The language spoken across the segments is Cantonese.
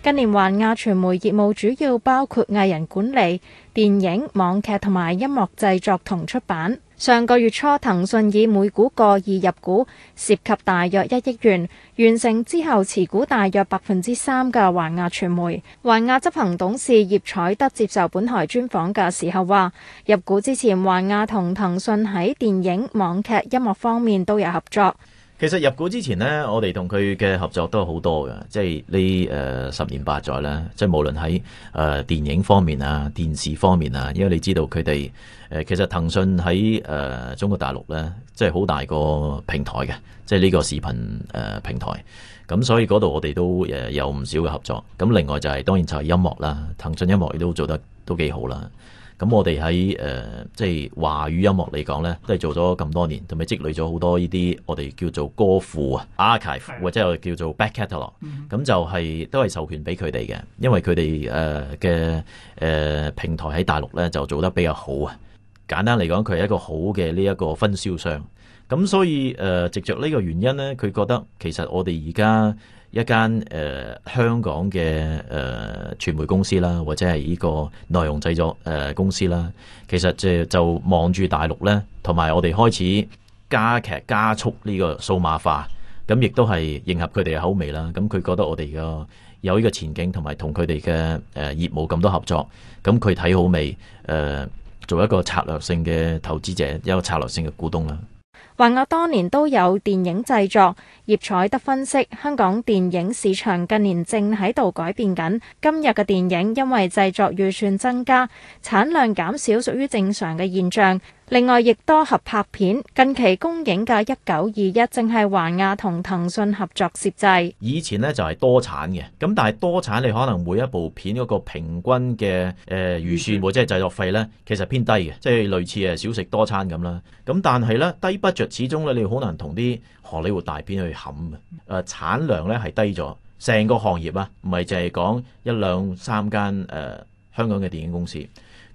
近年，寰亞傳媒業務主要包括藝人管理、電影、網劇同埋音樂製作同出版。上個月初，騰訊以每股個二入股，涉及大約一億元，完成之後持股大約百分之三嘅寰亞傳媒。寰亞執行董事葉采得接受本台專訪嘅時候話，入股之前，寰亞同騰訊喺電影、網劇、音樂方面都有合作。其實入股之前呢，我哋同佢嘅合作都好多嘅，即係呢，誒十年八載啦，即係無論喺誒電影方面啊、電視方面啊，因為你知道佢哋誒其實騰訊喺誒中國大陸呢，即係好大個平台嘅，即係呢個視頻誒平台，咁所以嗰度我哋都誒有唔少嘅合作。咁另外就係，當然就係音樂啦，騰訊音樂亦都做得都幾好啦。咁我哋喺誒即係華語音樂嚟講呢，都係做咗咁多年，同埋積累咗好多呢啲我哋叫做歌庫啊、archive 或者我哋叫做 back catalogue。咁就係都係授權俾佢哋嘅，因為佢哋誒嘅誒平台喺大陸呢就做得比較好啊。簡單嚟講，佢係一個好嘅呢一個分銷商。咁所以，誒、呃，藉著呢個原因呢，佢覺得其實我哋而家一間誒香港嘅誒傳媒公司啦，或者係呢個內容製作誒、呃、公司啦，其實即係就望住大陸呢，同埋我哋開始加劇加速呢個數碼化，咁亦都係迎合佢哋嘅口味啦。咁佢覺得我哋嘅有呢個前景，同埋同佢哋嘅誒業務咁多合作，咁佢睇好未？誒、呃，做一個策略性嘅投資者，一個策略性嘅股東啦。寰亞多年都有電影製作，葉采得分析，香港電影市場近年正喺度改變緊，今日嘅電影因為製作預算增加，產量減少，屬於正常嘅現象。另外，亦多合拍片。近期公映嘅《一九二一》正係寰亞同騰訊合作攝製。以前呢就係、是、多產嘅，咁但係多產，你可能每一部片嗰個平均嘅誒預算或者係製作費呢，其實偏低嘅，即、就、係、是、類似誒少食多餐咁啦。咁但係呢，低 budget 始終呢，你好難同啲荷里活大片去冚啊！誒、呃、產量呢係低咗，成個行業啊，唔係淨係講一兩三間誒、呃、香港嘅電影公司。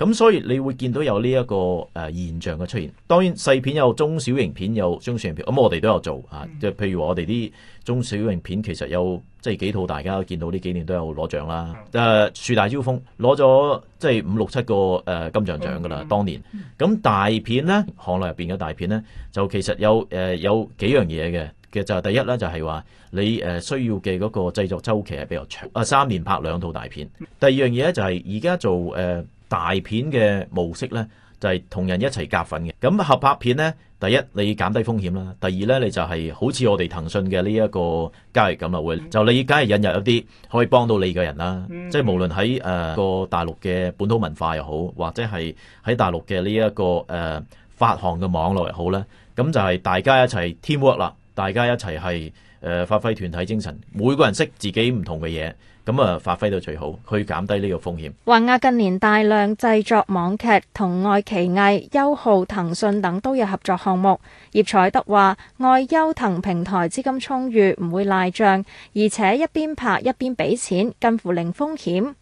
咁所以你會見到有呢一個誒、呃、現象嘅出現。當然細片有，中小型片有，中小型片咁我哋都有做啊。即係譬如我哋啲中小型片其實有即係幾套，大家都見到呢幾年都有攞獎啦。誒樹大招風，攞咗即係五六七個誒、呃、金像獎噶啦。當年咁大片咧，行內入邊嘅大片咧，就其實有誒、呃、有幾樣嘢嘅。其實就係第一咧，就係話你誒、呃、需要嘅嗰個製作周期係比較長啊，三年拍兩套大片。第二樣嘢咧就係而家做誒、呃。大片嘅模式咧，就係、是、同人一齊夾份嘅。咁合拍片咧，第一你減低風險啦，第二咧你就係好似我哋騰訊嘅呢一個交易咁啦，會、mm hmm. 就你梗係引入一啲可以幫到你嘅人啦。Mm hmm. 即係無論喺誒個大陸嘅本土文化又好，或者係喺大陸嘅呢一個誒、呃、發行嘅網絡又好咧，咁就係大家一齊 teamwork 啦，大家一齊係。誒、呃、發揮團體精神，每個人識自己唔同嘅嘢，咁啊發揮到最好，去減低呢個風險。寰亞、啊、近年大量製作網劇，同愛奇藝、優酷、騰訊等都有合作項目。葉采得話：愛優騰平台資金充裕，唔會賴帳，而且一邊拍一邊俾錢，近乎零風險。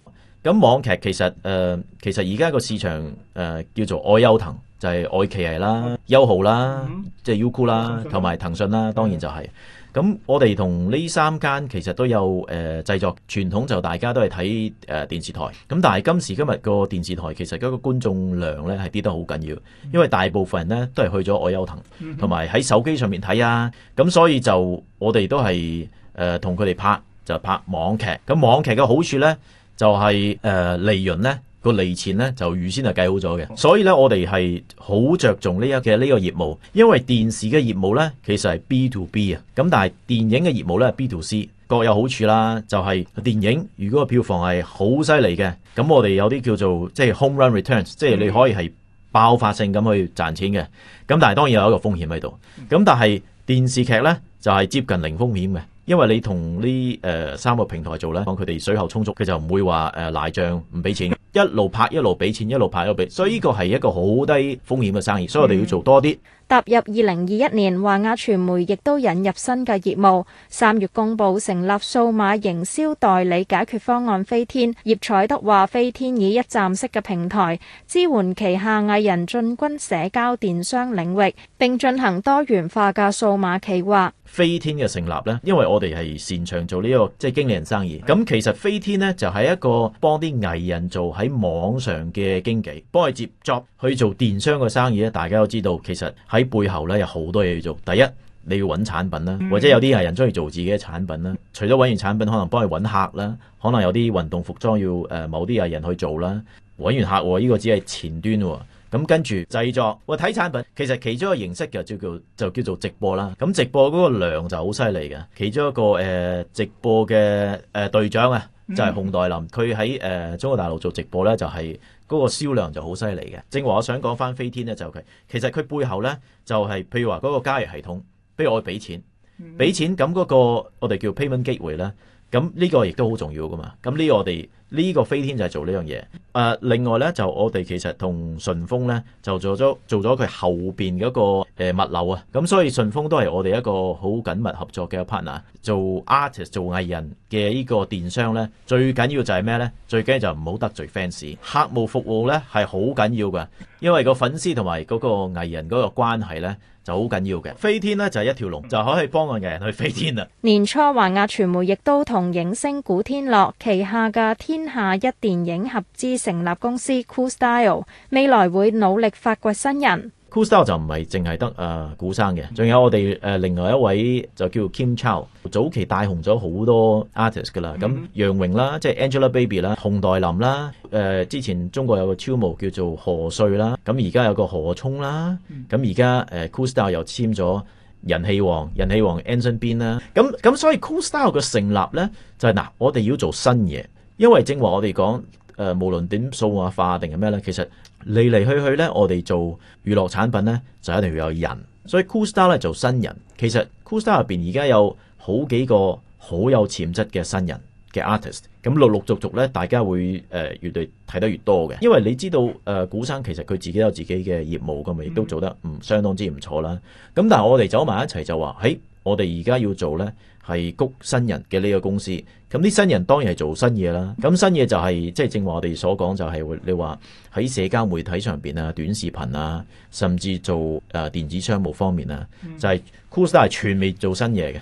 咁網劇其實誒、呃，其實而家個市場誒、呃、叫做愛優騰。就係愛奇藝啦、優酷啦、即係 YouTube 啦，同埋騰訊啦，當然就係、是。咁、嗯、我哋同呢三間其實都有誒、呃、製作傳統，就大家都係睇誒電視台。咁但係今時今日個電視台其實嗰個觀眾量呢係跌得好緊要，因為大部分人呢都係去咗愛優騰，同埋喺手機上面睇啊。咁所以就我哋都係誒同佢哋拍，就拍網劇。咁網劇嘅好處呢，就係、是、誒、呃、利潤呢。個利錢咧就預先係計好咗嘅，所以咧我哋係好着重呢一其實呢個業務，因為電視嘅業務咧其實係 B to B 啊，咁但係電影嘅業務咧 B to C，各有好處啦。就係、是、電影如果個票房係好犀利嘅，咁我哋有啲叫做即係、就是、home run returns，即係你可以係爆發性咁去賺錢嘅。咁但係當然有一個風險喺度，咁但係電視劇咧就係、是、接近零風險嘅。因為你同呢誒三個平台做呢，講佢哋水喉充足，佢就唔會話誒賴帳唔俾錢，一路拍一路俾錢，一路拍一路俾，所以呢個係一個好低風險嘅生意，所以我哋要做多啲。踏入二零二一年，寰亞傳媒亦都引入新嘅業務。三月公布成立數碼營銷代理解決方案飛天。葉采得話：飛天以一站式嘅平台支援旗下藝人進軍社交電商領域，並進行多元化嘅數碼企劃。飛天嘅成立呢，因為我哋係擅長做呢個即係經理人生意。咁其實飛天呢就係一個幫啲藝人做喺網上嘅經紀，幫佢接作去做電商嘅生意咧。大家都知道，其實係。喺背後咧有好多嘢要做。第一，你要揾產品啦，或者有啲藝人中意做自己嘅產品啦。除咗揾完產品，可能幫佢揾客啦，可能有啲運動服裝要誒某啲藝人去做啦。揾完客呢、這個只係前端，咁跟住製作，睇產品，其實其中一個形式就叫就叫做直播啦。咁直播嗰個量就好犀利嘅，其中一個誒直播嘅誒隊長啊。就係熊黛林，佢喺誒中國大陸做直播咧，就係、是、嗰個銷量就好犀利嘅。正話我想講返飛天咧，就佢、是、其實佢背後咧就係、是、譬如話嗰個交易系統，譬如我俾錢，俾錢咁嗰個我哋叫 payment gateway 咧。咁呢個亦都好重要噶嘛，咁呢個我哋呢、呢個飛天就係做呢樣嘢。誒、呃，另外呢，就我哋其實同順豐呢，就做咗做咗佢後邊嗰、嗰個、呃、物流啊，咁所以順豐都係我哋一個好緊密合作嘅 partner。做 artist 做藝人嘅呢個電商呢，最緊要就係咩呢？最緊要就唔好得罪 fans，客戶服務呢，係好緊要嘅。因為個粉絲同埋嗰個藝人嗰個關係呢，就好緊要嘅，飛天呢就係一條龍就可以幫個藝人去飛天啦。年初，寰亞傳媒亦都同影星古天樂旗下嘅天下一電影合資成立公司 Cool Style，未來會努力發掘新人。Cool Star 就唔係淨係得誒古生嘅，仲有我哋誒另外一位就叫 Kim Chow，早期帶紅咗好多 artist 噶啦，咁楊穎啦，即係 Angelababy 啦，熊黛林啦，誒之前中國有個超模叫做何穗啦，咁而家有個何沖啦，咁而家誒 Cool Star 又簽咗人氣王，人氣王 Anson Bean 啦，咁咁所以 Cool Star 嘅成立咧就係、是、嗱，我哋要做新嘢，因為正話我哋講。誒、呃、無論點數碼化定係咩呢？其實嚟嚟去去呢，我哋做娛樂產品呢，就一定要有人，所以 Cool Star 咧做新人。其實 Cool Star 入邊而家有好幾個好有潛質嘅新人嘅 artist，咁陸陸續續呢，大家會誒、呃、越嚟睇得越多嘅，因為你知道誒、呃、古生其實佢自己有自己嘅業務咁，亦都做得唔、呃、相當之唔錯啦。咁但係我哋走埋一齊就話嘿我哋而家要做呢，係谷新人嘅呢個公司，咁啲新人當然係做新嘢啦。咁新嘢就係即係正話我哋所講，就係、是就是、你話喺社交媒體上邊啊、短視頻啊，甚至做誒電子商務方面啊，嗯、就係 Coolstar 係全面做新嘢嘅。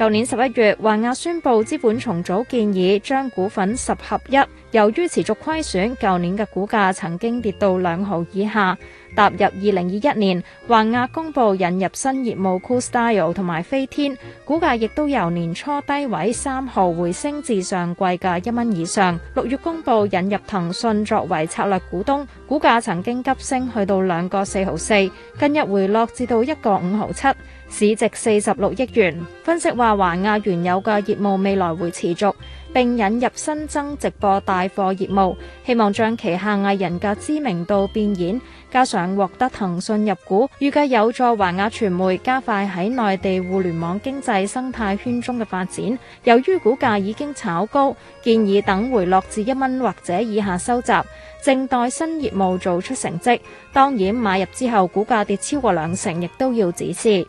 舊年十一月，寰亞宣布資本重組建議，將股份十合一。由於持續虧損，舊年嘅股價曾經跌到兩毫以下。踏入二零二一年，寰亞公布引入新業務酷 style 同埋飛天，股價亦都由年初低位三毫回升至上季價一蚊以上。六月公布引入騰訊作為策略股東，股價曾經急升去到兩個四毫四，近日回落至到一個五毫七。市值四十六億元，分析話寰亞原有嘅業務未來會持續。並引入新增直播帶貨業務，希望將旗下藝人嘅知名度變現，加上獲得騰訊入股，預計有助寰亞傳媒加快喺內地互聯網經濟生態圈中嘅發展。由於股價已經炒高，建議等回落至一蚊或者以下收集，靜待新業務做出成績。當然，買入之後股價跌超過兩成，亦都要止蝕。